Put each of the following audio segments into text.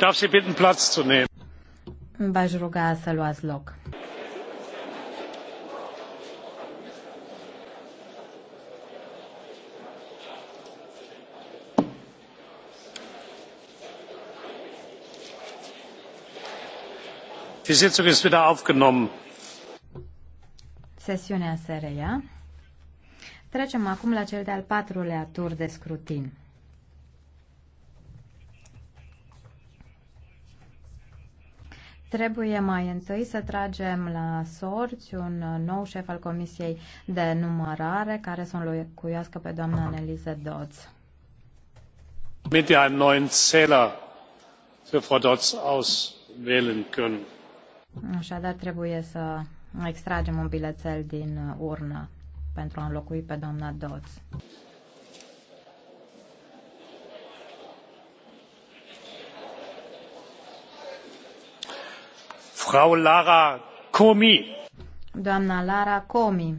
darf Sie bitten, Platz zu nehmen. V-aș ruga să luați loc. Die Sitzung ist wieder aufgenommen. Sesiunea se reia. Trecem acum la cel de-al patrulea tur de scrutin. Trebuie mai întâi să tragem la sorți un nou șef al Comisiei de Numărare care să înlocuiască pe doamna Anneliese Dodds. Mit wir einen neuen Zähler für Frau Dodds auswählen können. Așadar trebuie să extragem un bilețel din urnă pentru a înlocui pe doamna Dodds. Frau Lara Comi. Doamna Lara Comi.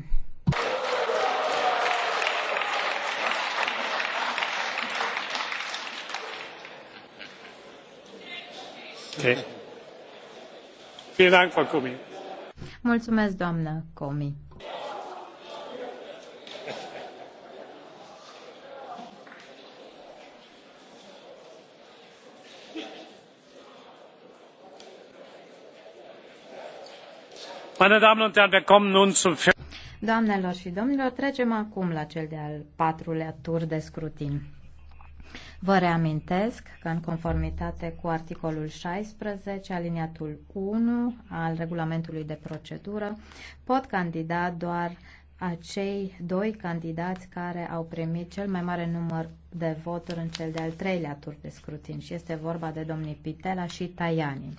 Okay. Mulțumesc, doamnă Comi. Doamnelor și domnilor, trecem acum la cel de-al patrulea tur de scrutin. Vă reamintesc că în conformitate cu articolul 16, aliniatul 1 al regulamentului de procedură, pot candida doar acei doi candidați care au primit cel mai mare număr de voturi în cel de-al treilea tur de scrutin și este vorba de domnii Pitela și Tajani.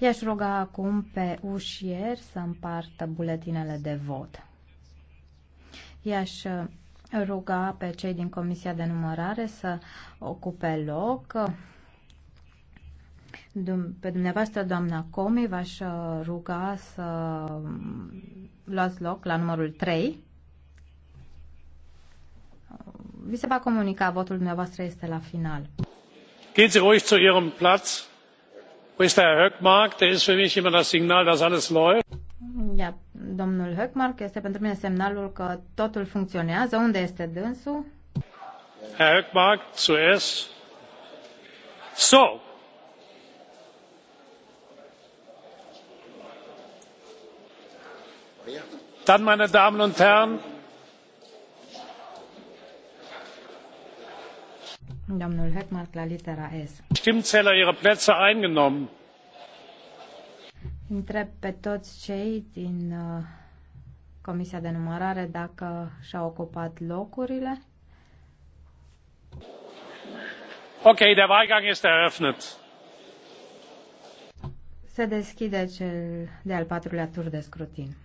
I-aș ruga acum pe ușier să împartă buletinele de vot. I-aș uh, ruga pe cei din Comisia de Numărare să ocupe loc. Pe dumneavoastră, doamna Comi, v-aș uh, ruga să um, luați loc la numărul 3. Uh, vi se va comunica, votul dumneavoastră este la final. Gehen Sie ruhig zu Ihrem Platz ist herr hökmark der ist für mich alles läuft. domnul Höckmark este pentru mine semnalul că totul funcționează. Unde este dânsul? Herr Höckmark, zuerst. So. Dann, meine Damen und Herren, Domnul Heckmark la litera S. Stimmzähler ihre Plätze eingenommen. Întreb pe toți cei din uh, Comisia de Numărare dacă și-au ocupat locurile. Ok, der Wahlgang este eröffnet. Se deschide cel de-al patrulea tur de scrutin.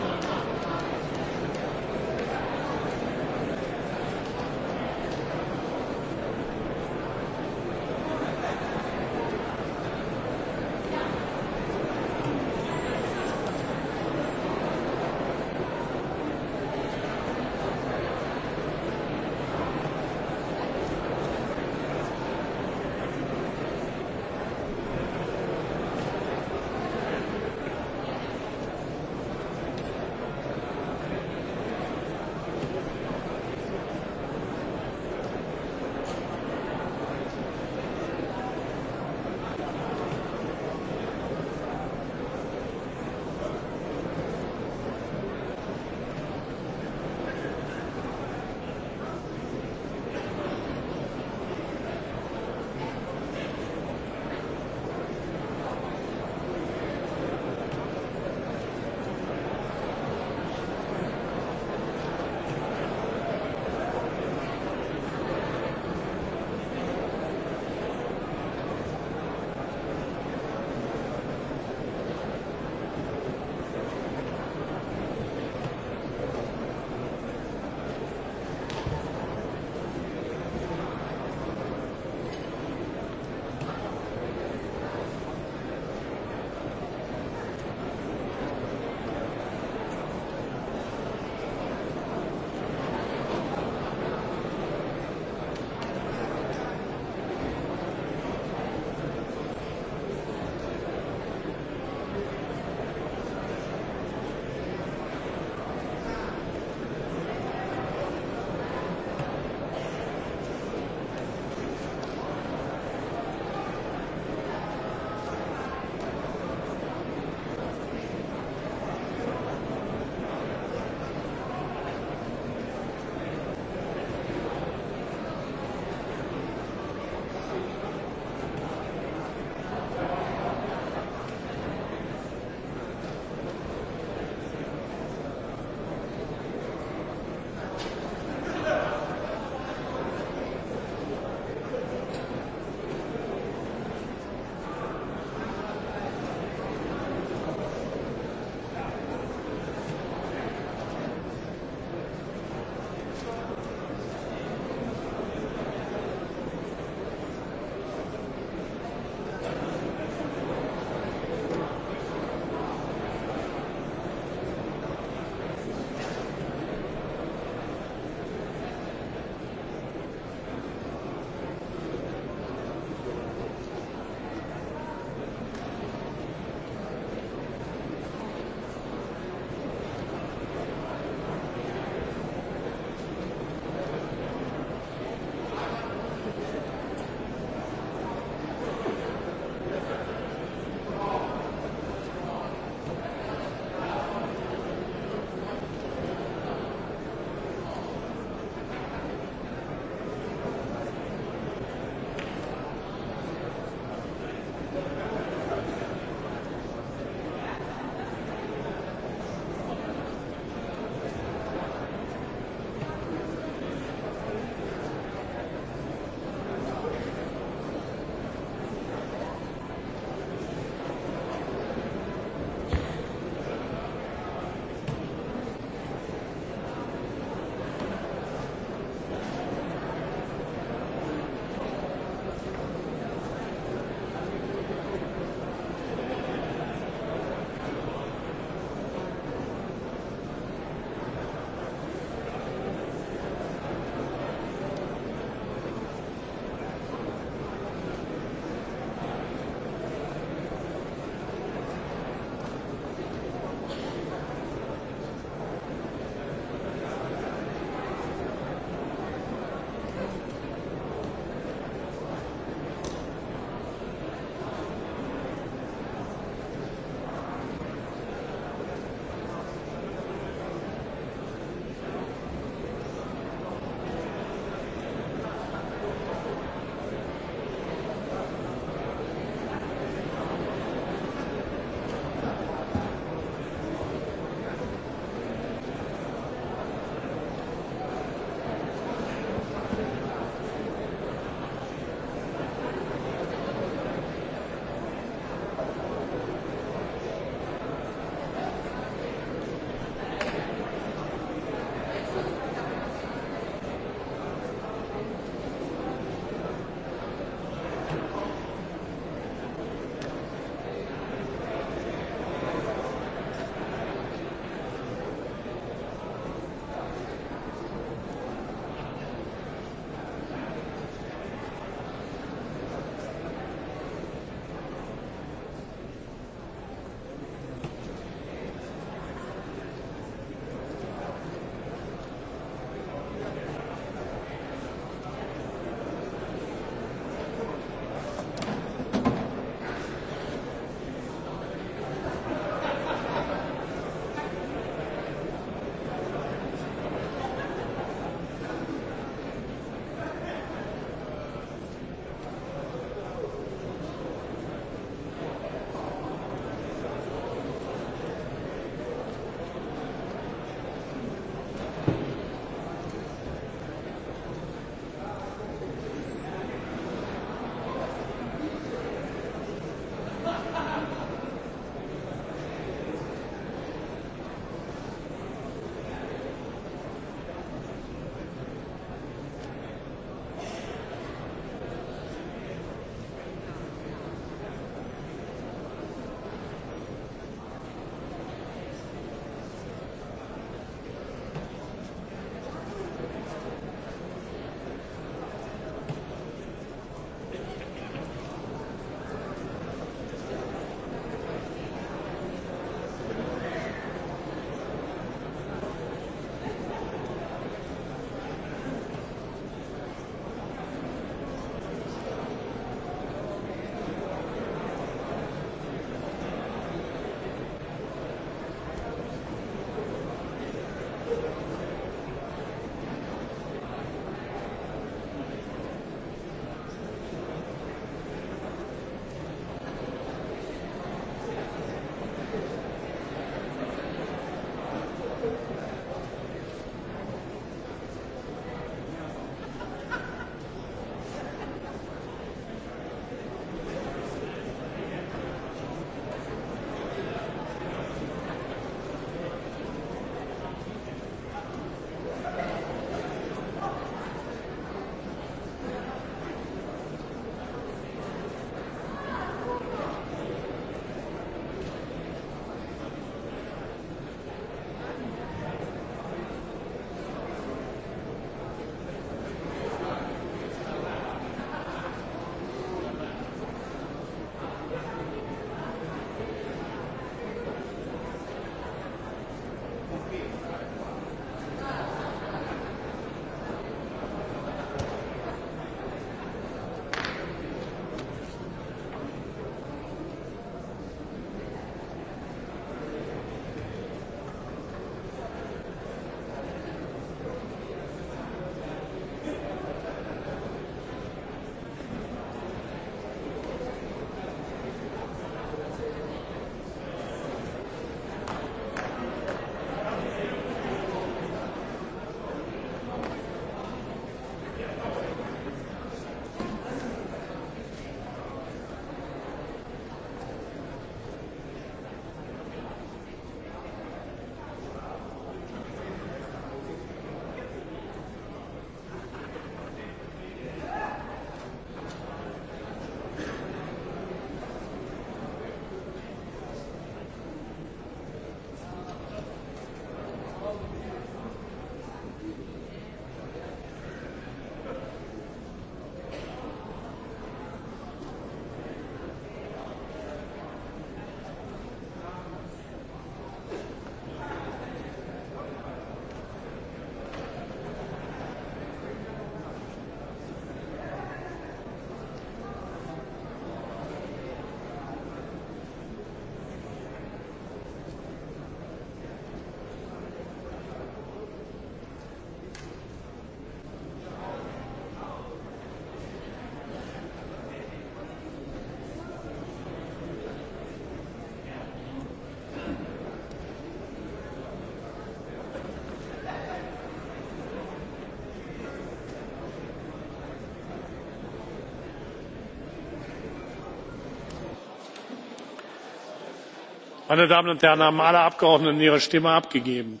meine damen und herren haben alle abgeordneten ihre stimme abgegeben?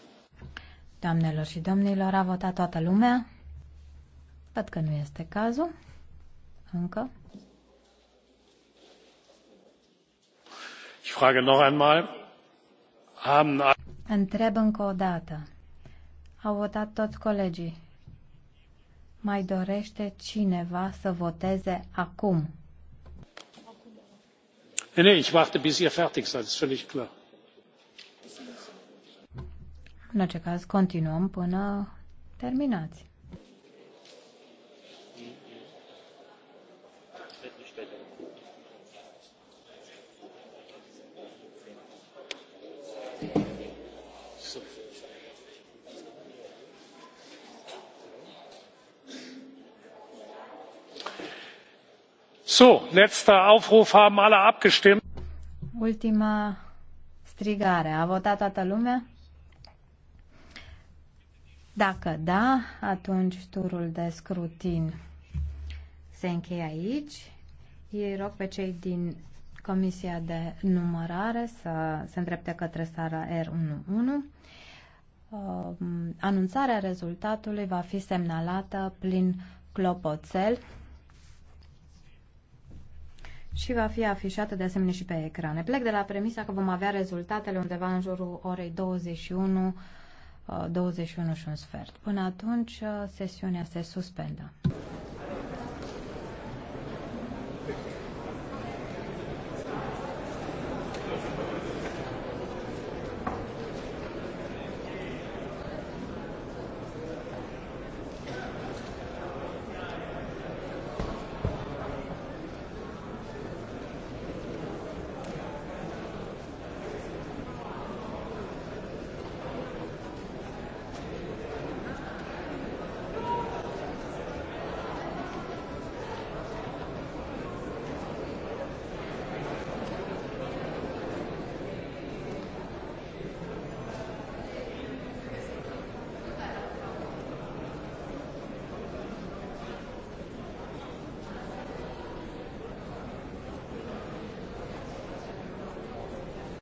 doamnelor și domnilor a votat toată lumea? văd că nu este cazul încă. ich frage noch einmal haben Întreb încă o dată. Au votat toți colegii. Mai dorește cineva să voteze acum? nein ich warte bis ihr fertig seid ist völlig klar. în orice caz continuăm până terminați. letzter Aufruf haben alle abgestimmt. Ultima strigare. A votat toată lumea? Dacă da, atunci turul de scrutin se încheie aici. Ei rog pe cei din Comisia de Numărare să se îndrepte către sala R11. Um, anunțarea rezultatului va fi semnalată prin clopoțel și va fi afișată de asemenea și pe ecrane. Plec de la premisa că vom avea rezultatele undeva în jurul orei 21, 21 uh, și un sfert. Până atunci, uh, sesiunea se suspendă.